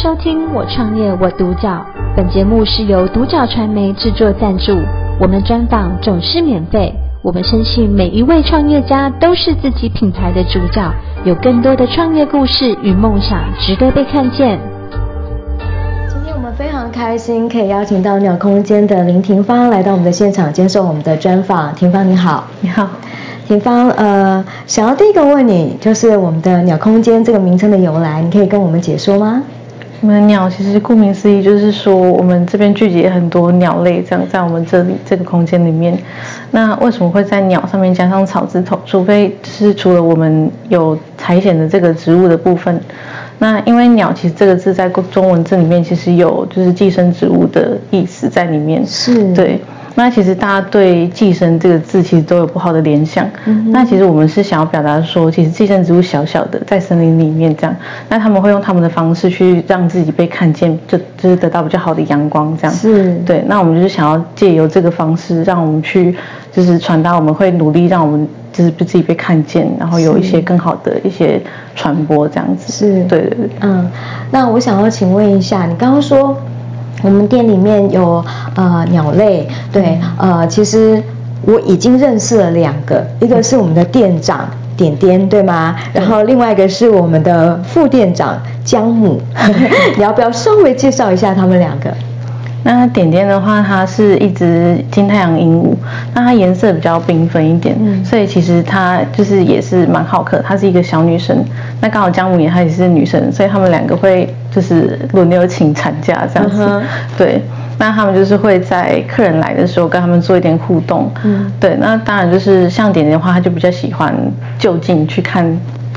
收聽我創業我獨角，本節目是由獨角傳媒制作贊助。我們專訪總是免費，我們深信每一位創業家都是自己品牌的主角，有更多的創業故事與夢想值得被看見。今天我們非常開心可以邀請到蔦空間的林莛芳來到我們的現場接受我們的專訪。莛芳你好，你好，莛芳，呃，想要第一個問你就是我們的蔦空間這個名稱的由來，你可以跟我們解說嗎？我們的蔦其實顧名思義就是說，我們這邊聚集很多鳥類，這樣在我們這裡這個空間裡面。那為什麼會在鳥上面加上草字頭？除非就是除了我們有苔蘚的這個植物的部分。那因為蔦其實這個字在中文字裡面，其實有就是寄生植物的意思在裡面。是，對。那其實大家對“寄生”這個字其實都有不好的聯想。嗯哼。那其實我們是想要表達說，其實寄生植物小小的在森林裡面這樣，那他們會用他們的方式去讓自己被看見，就就是得到比較好的陽光這樣。是。對。那我們就是想要借由這個方式，讓我們去就是傳達，我們會努力讓我們就是被自己被看見，然後有一些更好的一些傳播這樣子。是。對、對、對。嗯。那我想要請問一下，你剛剛說。我們店裡面有呃鳥類，對，呃，其實我已經認識了兩個，一個是我們的店長、嗯、點點，對嗎？然後另外一個是我們的副店長薑母，薑 你要不要稍微介紹一下他們兩個？那點點的話，它是一隻金太陽鸚鵡，那它顏色比較繽紛一點，嗯、所以其實她就是也是蠻好客，她是一個小女生。那剛好江母也她也是女生，所以他們兩個會就是輪流請產假這樣子，嗯、哼對。那他們就是會在客人來的時候跟他們做一點互動，嗯、對。那當然就是像點點的話，他就比較喜歡就近去看。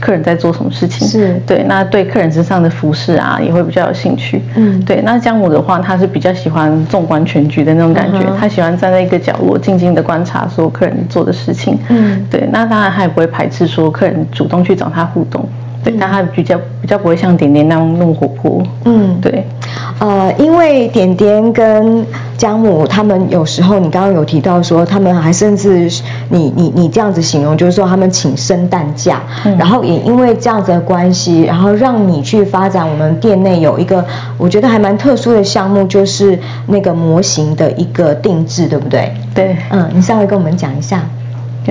客人在做什麼事情？是。對，那對客人身上的服飾啊，也會比較有興趣。嗯，對。那薑母的話，他是比較喜歡縱觀全局的那種感覺，他、嗯、哼喜歡站在一個角落靜靜的觀察所有客人做的事情。嗯，對。那當然，他也不會排斥說客人主動去找他互動。嗯、對，但他比較比較不會像點點那樣那麼活潑。嗯，對。呃，因為點點跟姜母他們有時候，你剛剛有提到說他們還甚至，你你你這樣子形容，就是說他們請聖誕假，嗯、然後也因為這樣子的關係，然後讓你去發展我們店內有一個，我覺得還蠻特殊的項目，就是那個模型的一個定制，對不對？對，嗯，你稍微跟我們講一下。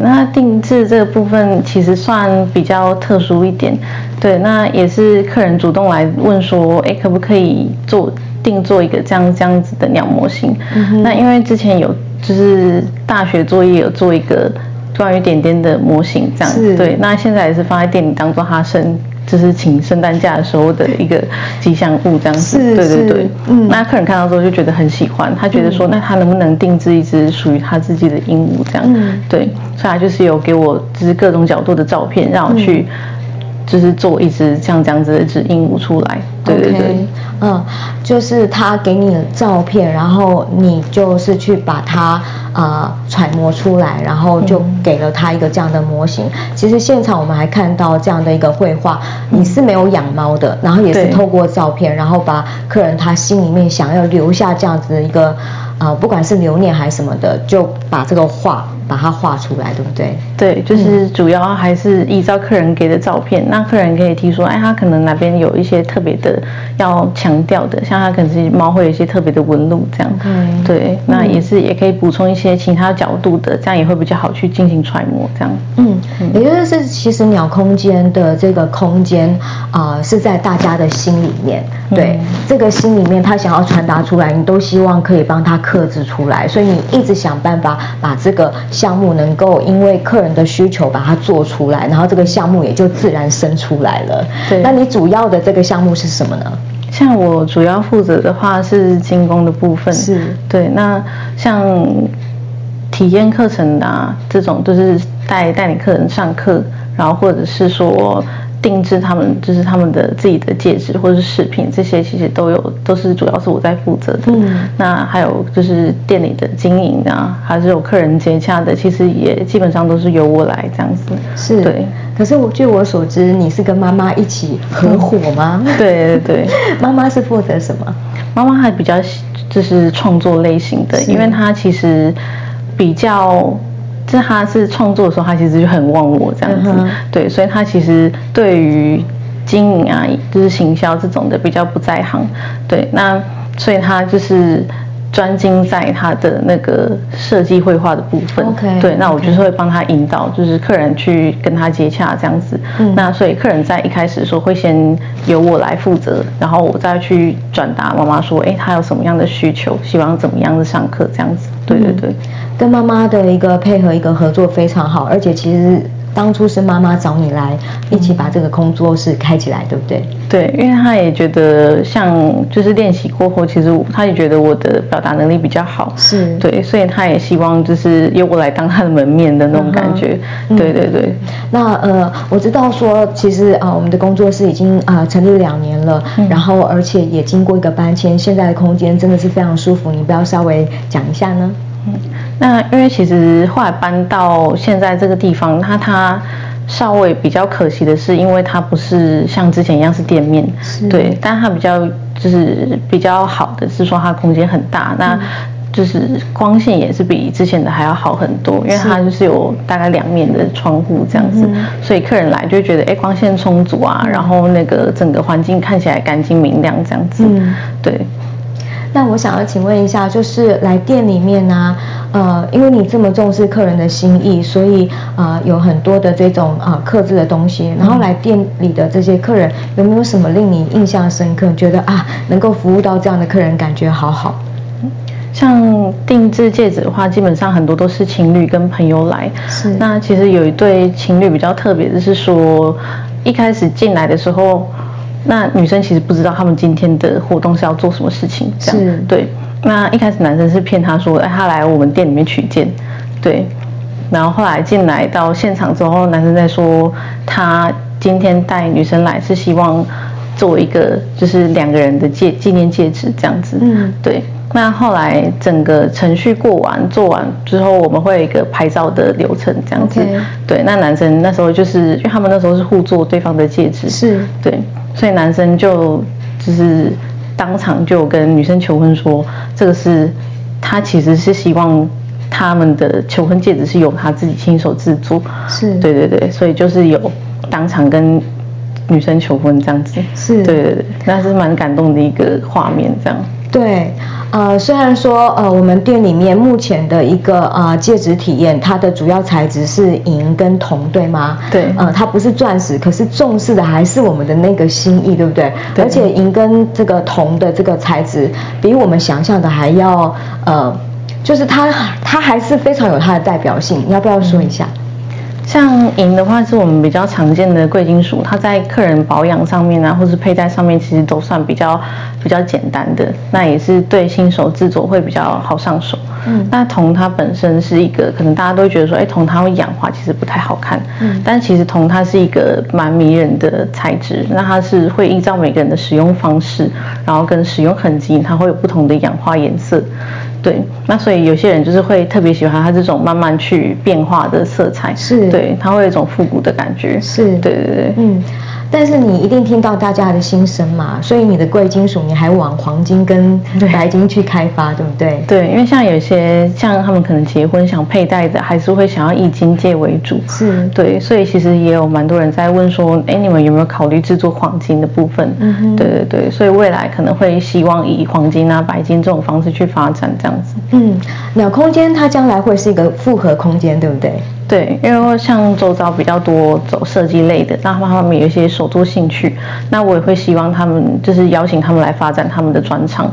那定制這個部分其實算比較特殊一點，對，那也是客人主動來問說，哎，可不可以做定做一個這樣這樣子的鳥模型？嗯、哼那因為之前有就是大學作業有做一個關於點點的模型這樣，是對，那現在也是放在店裡當做他生，就是請聖誕假的時候的一個吉祥物這樣子，對對對，嗯、那客人看到之後就覺得很喜歡，他覺得說，嗯、那他能不能定制一隻屬於他自己的鸚鵡這樣？嗯、對。他就是有給我就是各種角度的照片，讓我去就是做一隻像這樣子的一隻鸚鵡出來。對對對，Okay. 嗯，就是他給你的照片，然後你就是去把它啊、呃、揣摩出來，然後就給了他一個這樣的模型。嗯、其實現場我們還看到這樣的一個繪畫，你是沒有養貓的，然後也是透過照片，對然後把客人他心裡面想要留下這樣子的一個啊、呃，不管是留念還是什麼的，就把這個畫。把它畫出來，對不對？對，就是主要還是依照客人給的照片。那客人可以提出，哎，他可能哪邊有一些特別的要強調的，像他可能是貓會有一些特別的紋路這樣。Okay. 對，那也是也可以補充一些其他角度的，這樣也會比較好去進行揣摩這樣。嗯，也就是其實蔦空間的這個空間啊、呃，是在大家的心裡面。嗯、對，這個心裡面他想要傳達出來，你都希望可以幫他克制出來，所以你一直想辦法把這個。項目能夠因為客人的需求把它做出來，然後這個項目也就自然生出來了。對，那你主要的這個項目是什麼呢？像我主要負責的話是精工的部分，是。對，那像體驗課程啊這種，就是帶帶領客人上課，然後或者是說。定制他們就是他們的自己的戒指或者是飾品，這些其實都有都是主要是我在負責的。嗯，那還有就是店裡的經營啊，還是有客人接洽的，其實也基本上都是由我來這樣子。是，對。可是我據我所知，你是跟媽媽一起合夥嗎？對對 對，對對 媽媽是負責什麼？媽媽還比較就是創作類型的，是因為她其實比較。那他是創作的時候，他其實就很忘我這樣子，uh huh. 對，所以他其實對於經營啊，就是行銷這種的比較不在行，對，那所以他就是專精在他的那個設計繪畫的部分。Okay. 對，那我就是會幫他引導，就是客人去跟他接洽這樣子。Uh huh. 那所以客人在一開始說會先由我來負責，然後我再去轉達媽媽說，哎、欸，他有什麼樣的需求，希望怎麼樣的上課這樣子。對對對，嗯，跟媽媽的一個配合，一個合作非常好，而且其實。當初是媽媽找你來一起把這個工作室開起來，對不對？對，因為他也覺得像就是練習過後，其實他也覺得我的表達能力比較好，是對，所以他也希望就是由我來當他的門面的那種感覺。啊、哈對，對對對。嗯、那呃，我知道說其實啊、呃，我們的工作室已經啊、呃、成立兩年了，嗯、然後而且也經過一個搬遷，現在的空間真的是非常舒服，你不要稍微講一下呢？嗯、那因為其實後來搬到現在這個地方，那它，它稍微比較可惜的是，因為它不是像之前一樣是店面，是對，但它比較就是比較好的是說它空間很大，那就是光線也是比之前的還要好很多，因為它就是有大概兩面的窗戶這樣子，是所以客人來就會覺得哎光線充足啊，嗯、然後那個整個環境看起來乾淨明亮這樣子，嗯、對。那我想要請問一下，就是來店裡面呢、啊，呃，因為你這麼重視客人的心意，所以呃有很多的這種啊，客、呃、製的東西。然後來店裡的這些客人有沒有什麼令你印象深刻？覺得啊，能夠服務到這樣的客人，感覺好好。像定制戒指的話，基本上很多都是情侶跟朋友來。是那其實有一對情侶比較特別的是說一開始進來的時候。那女生其實不知道他們今天的活動是要做什麼事情，這樣。是對。那一開始男生是騙她說，她、哎、他來我們店裡面取件，對。然後後來進來到現場之後，男生在說，他今天帶女生來是希望做一個就是兩個人的戒紀念戒指這樣子，嗯，對。那後來整個程序過完做完之後，我們會有一個拍照的流程這樣子，Okay 對。那男生那時候就是因為他們那時候是互做對方的戒指，是，對。所以男生就就是當場就跟女生求婚說，這個是他其實是希望他們的求婚戒指是由他自己親手制作，是，對對對，所以就是有當場跟女生求婚這樣子，是，對對對，那是蠻感動的一個畫面這樣，對。呃，雖然說，呃，我們店裡面目前的一個呃戒指體驗，它的主要材質是銀跟銅，對嗎？對，呃，它不是鑽石，可是重視的還是我們的那個心意，對不對？對，而且銀跟這個銅的這個材質，比我們想象的還要呃，就是它它還是非常有它的代表性，要不要說一下？嗯像銀的話，是我們比較常見的貴金屬，它在客人保養上面啊，或是佩戴上面，其實都算比較比較簡單的，那也是對新手制作會比較好上手。嗯，那銅它本身是一個，可能大家都會覺得說，哎，銅它會氧化，其實不太好看。嗯，但其實銅它是一個蠻迷人的材質，那它是會依照每個人的使用方式，然後跟使用痕跡，它會有不同的氧化顏色。對，那所以有些人就是會特別喜歡它這種慢慢去變化的色彩，是對，它會有一種復古的感覺，是對，對，對，嗯。但是你一定聽到大家的心聲嘛，所以你的貴金屬你還往黃金跟白金去開發，對不對？對，因為像有些像他們可能結婚想佩戴的，還是會想要以金戒為主。是，對，所以其實也有蠻多人在問說，哎，你們有沒有考慮製作黃金的部分？對、嗯、哼對對，所以未來可能會希望以黃金啊、白金這種方式去發展這樣子。嗯，蔦空間它將來會是一個複合空間，對不對？對，因為像周遭比較多走設計類的，那他們他們有一些手作興趣，那我也會希望他們就是邀請他們來發展他們的專長，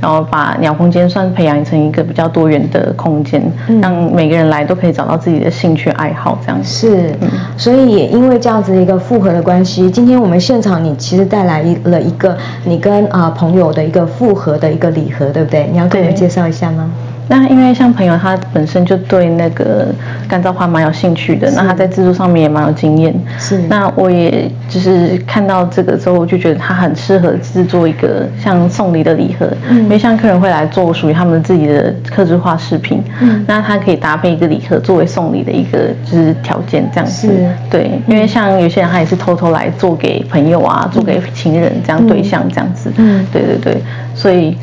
然後把蔦空間算培養成一個比較多元的空間，讓每個人來都可以找到自己的興趣愛好這樣。是，嗯、所以也因為這樣子一個複合的關係，今天我們現場你其實帶來一了一個你跟啊朋友的一個複合的一個禮盒，對不對？你要跟我介紹一下嗎？那因為像朋友他本身就對那個乾燥花蠻有興趣的，那是他在製作上面也蠻有經驗。是。那我也就是看到這個之後，就覺得他很適合製作一個像送禮的禮盒，嗯、因為像客人會來做屬於他們自己的客製化飾品，嗯、那他可以搭配一個禮盒作為送禮的一個就是條件這樣子。是對，嗯、因為像有些人他也是偷偷來做給朋友啊，嗯、做給情人這樣對象這樣子。嗯。嗯對對對，所以。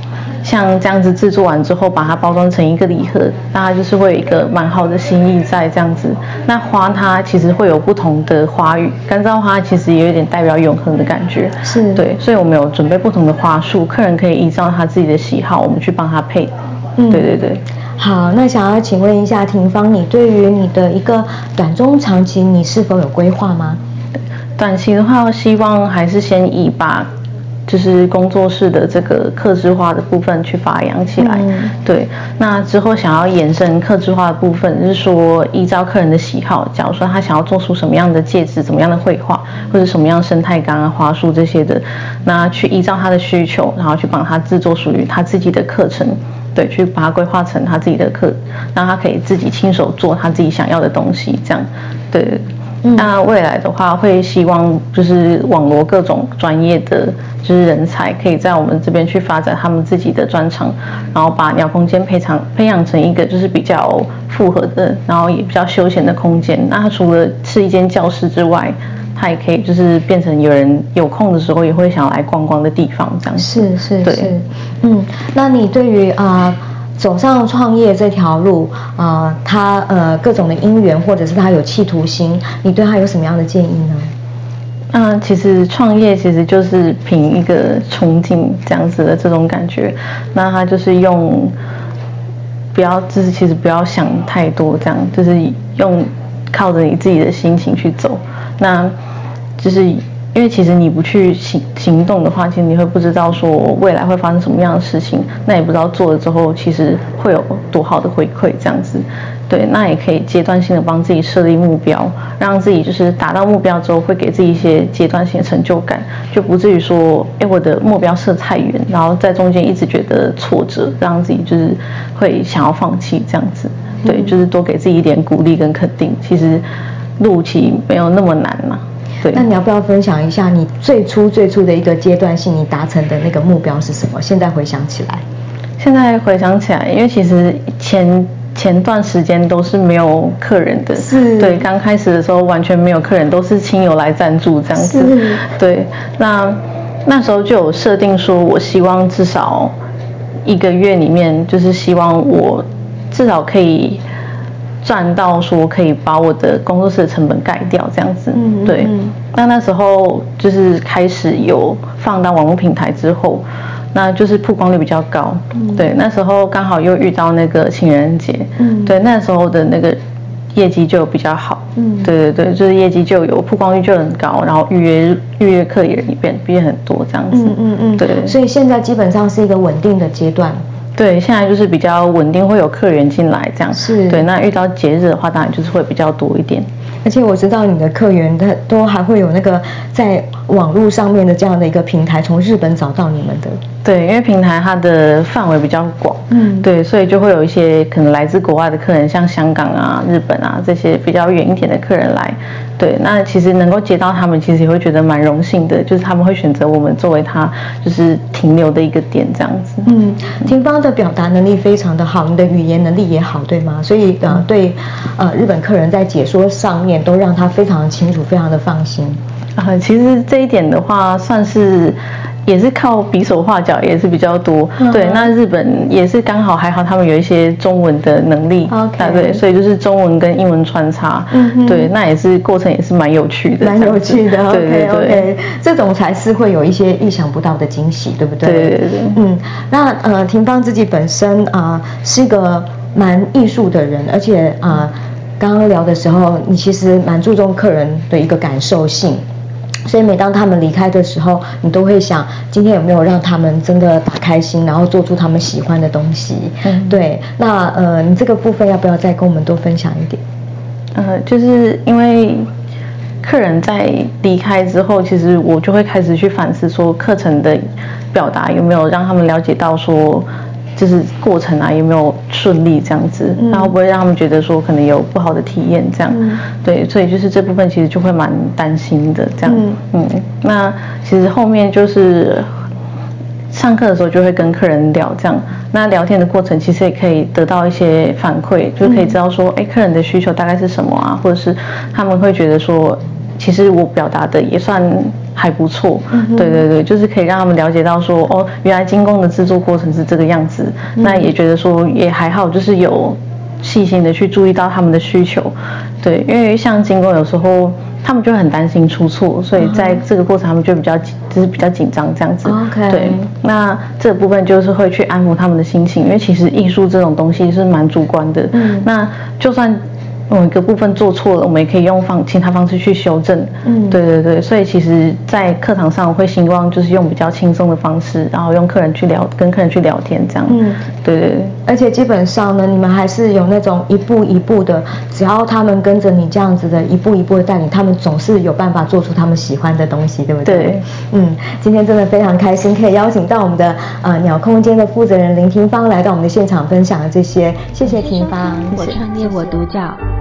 像這樣子制作完之後，把它包裝成一個禮盒，那它就是會有一個蠻好的心意在這樣子。那花它其實會有不同的花語，乾燥花其實也有點代表永恆的感覺。是對，所以我們有準備不同的花束，客人可以依照他自己的喜好，我們去幫他配。嗯，對對對。好，那想要請問一下莛芳，莛芳你對於你的一個短中長期，你是否有規劃嗎？短期的話，我希望還是先以把。就是工作室的這個客製化的部分去發揚起來，嗯、對。那之後想要延伸客製化的部分，就是說依照客人的喜好，假如說他想要做出什麼樣的戒指、怎麼樣的繪畫，或者什麼樣的生態缸啊、花束這些的，那去依照他的需求，然後去幫他製作屬於他自己的課程，對，去把它規劃成他自己的課，讓他可以自己親手做他自己想要的東西，這樣，對。嗯、那未來的話，會希望就是網羅各種專業的就是人才，可以在我們這邊去發展他們自己的專長，然後把蔦空間培長培養成一個就是比較複合的，然後也比較休閒的空間。那它除了是一間教室之外，它也可以就是變成有人有空的時候也會想來逛逛的地方，這樣子。是是,是，對，嗯，那你對於啊？走上創業這條路，啊、呃，他呃各種的因緣，或者是他有企圖心，你對他有什麼樣的建議呢？啊、呃，其實創業其實就是憑一個憧憬這樣子的這種感覺，那他就是用，不要就是其實不要想太多，這樣就是用靠着你自己的心情去走，那，就是。因為其實你不去行行動的話，其實你會不知道說未來會發生什麼樣的事情，那也不知道做了之後其實會有多好的回饋這樣子。對，那也可以階段性的幫自己設立目標，讓自己就是達到目標之後會給自己一些階段性的成就感，就不至於說哎、欸、我的目標設太遠，然後在中間一直覺得挫折，讓自己就是會想要放棄這樣子。對，嗯、就是多給自己一點鼓勵跟肯定。其實路其實沒有那麼難嘛。對那你要不要分享一下你最初最初的一個階段性你達成的那個目標是什麼？現在回想起來，現在回想起來，因為其實前前段時間都是沒有客人的，是，對，剛開始的時候完全沒有客人，都是親友來贊助這樣子，是對。那那時候就有設定說，我希望至少一個月裡面，就是希望我至少可以。賺到說可以把我的工作室的成本蓋掉，這樣子。對。嗯嗯、那那時候就是開始有放到網絡平台之後，那就是曝光率比較高。嗯、對。那時候剛好又遇到那個情人節。嗯、對。那時候的那個業績就比較好。嗯、對對對，就是業績就有曝光率就很高，然後預約預約課的人也變變很多這樣子。嗯嗯，嗯嗯對。所以現在基本上是一個穩定的階段。對，現在就是比較穩定，會有客源進來這樣是，對。那遇到節日的話，當然就是會比較多一點。而且我知道你的客源，它都還會有那個在網絡上面的這樣的一個平台，從日本找到你們的。對，因為平台它的範圍比較廣，嗯，對，所以就會有一些可能來自國外的客人，像香港啊、日本啊這些比較遠一點的客人來。對，那其實能夠接到他們，其實也會覺得蠻榮幸的，就是他們會選擇我們作為他就是停留的一個點這樣子。嗯，莛芳的表達能力非常的好，你的語言能力也好，對嗎？所以呃，對，呃，日本客人在解說上面都讓他非常的清楚，非常的放心。啊、呃，其實這一點的話，算是也是靠比手畫腳，也是比較多。哦、對，那日本也是剛好還好，他們有一些中文的能力。哦、OK，對，所以就是中文跟英文穿插。嗯哼，對，那也是過程也是蠻有趣的，蠻有趣的。對對對，這種才是會有一些意想不到的驚喜，對不對？對對對。嗯，那呃，莛芳自己本身啊、呃、是一個蠻藝術的人，而且啊、呃，剛剛聊的時候，你其實蠻注重客人的一個感受性。所以每當他們離開的時候，你都會想，今天有沒有讓他們真的打開心，然後做出他們喜歡的東西？嗯、對，那呃，你這個部分要不要再跟我們多分享一點？呃，就是因為客人在離開之後，其實我就會開始去反思，說課程的表達有沒有讓他們了解到說。就是過程啊，有沒有順利這樣子，嗯、然後不會讓他們覺得說可能有不好的體驗這樣，嗯、對，所以就是這部分其實就會蠻擔心的這樣，嗯，嗯，那其實後面就是上課的時候就會跟客人聊這樣，那聊天的過程其實也可以得到一些反饋，就可以知道說，哎、嗯，客人的需求大概是什麼啊，或者是他們會覺得說，其實我表達的也算。還不錯，嗯、哼對對對，就是可以讓他們了解到說，哦，原來金工的製作過程是這個樣子，嗯、那也覺得說也還好，就是有細心的去注意到他們的需求，對，因為像金工有時候他們就很擔心出錯，所以在這個過程他們就比較緊、哦、就是比較緊張這樣子，哦 okay、對，那這部分就是會去安撫他們的心情，因為其實藝術這種東西是蠻主觀的，嗯、那就算。嗯，一個部分做錯了，我們也可以用方其他方式去修正。嗯，對對對，所以其實，在課堂上我會希望就是用比較輕鬆的方式，然後用客人去聊，跟客人去聊天這樣。嗯，對對對，而且基本上呢，你們還是有那種一步一步的，只要他們跟着你這樣子的一步一步的帶領，他們總是有辦法做出他們喜歡的東西，對不對？對，嗯，今天真的非常開心，可以邀請到我們的呃蔦空間的負責人林莛芳來到我們的現場分享這些。謝謝莛芳，我創業我獨角。謝謝